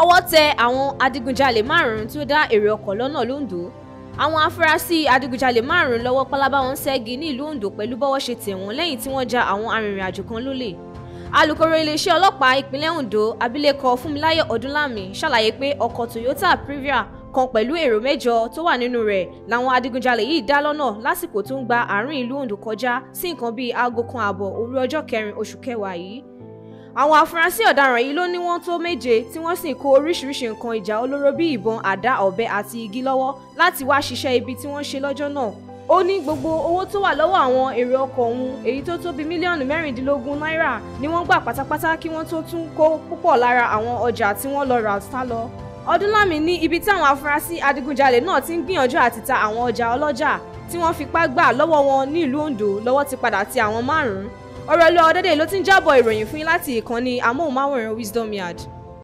ọwọ́ tẹ àwọn adigunjalè márùn-ún tí ó dá èrò ọkọ̀ lọ́nà londo àwọn afurasí adigunjalè márùn-ún lọ́wọ́ pálábá wọn ṣẹ́gi ní ìlú Ondo pẹ̀lú bọ́wọ́ ṣe tẹ̀ wọ́n lẹ́yìn tí wọ́n ja àwọn arìnrìn-àjò kan lólè alukoro iléeṣẹ́ ọlọ́pàá ìpínlẹ̀ Ondo abilékọ Fúnmiláyọ̀ Ọdúnlàmì ṣàlàyé pé ọkọ̀ Toyota Previa kan pẹ̀lú èrò mẹ́jọ tó wà nínú rẹ̀ làwọn adigunjalè yìí dá lọ́nà lásìkò tó ń gba àárín ìlú Ondo kọjá sí nǹkan bíi aago kan ààbọ̀ òru ọjọ́ kẹrin oṣù kẹwàá yìí àwọn afurasí ọ̀daràn yìí ló ní wọ́n tó méje tí wọ́n sì kó oríṣiríṣi nǹkan ìjà olóró bíi ìbọn àdá ọ̀bẹ àti igi lọ́wọ́ láti wá ṣiṣẹ́ ibi tí wọ́n ṣe lọ́jọ́ náà ó ní gbogbo owó tó wà lọ́wọ́ àwọn èrò ọkọ̀ ọ̀hún èyí tó tó bíi mílíọ̀nù mẹ́rìndínlógún náírà ni wọ́n gbà pátápátá kí wọ́n tó tún kó púpọ̀ lára àwọn ọjà tí wọ́n lọ rà sá lọ ọdúnlami ní ibi táwọn afurasí adigunjalè náà ti ń gbìyànjú àti ta àwọn ọjà ọlọ́jà tí wọ́n fipá gbà lọ́wọ́ wọn nílùú Ondo lọ́wọ́ ti padà ti àwọn márùn-ún Ọ̀rẹ́olúwa Ọdẹ́dẹ́ ló ti ń jábọ̀ ìròyìn fún yín láti ìkànnì amóhùnmáwòrán Wisdom Yard.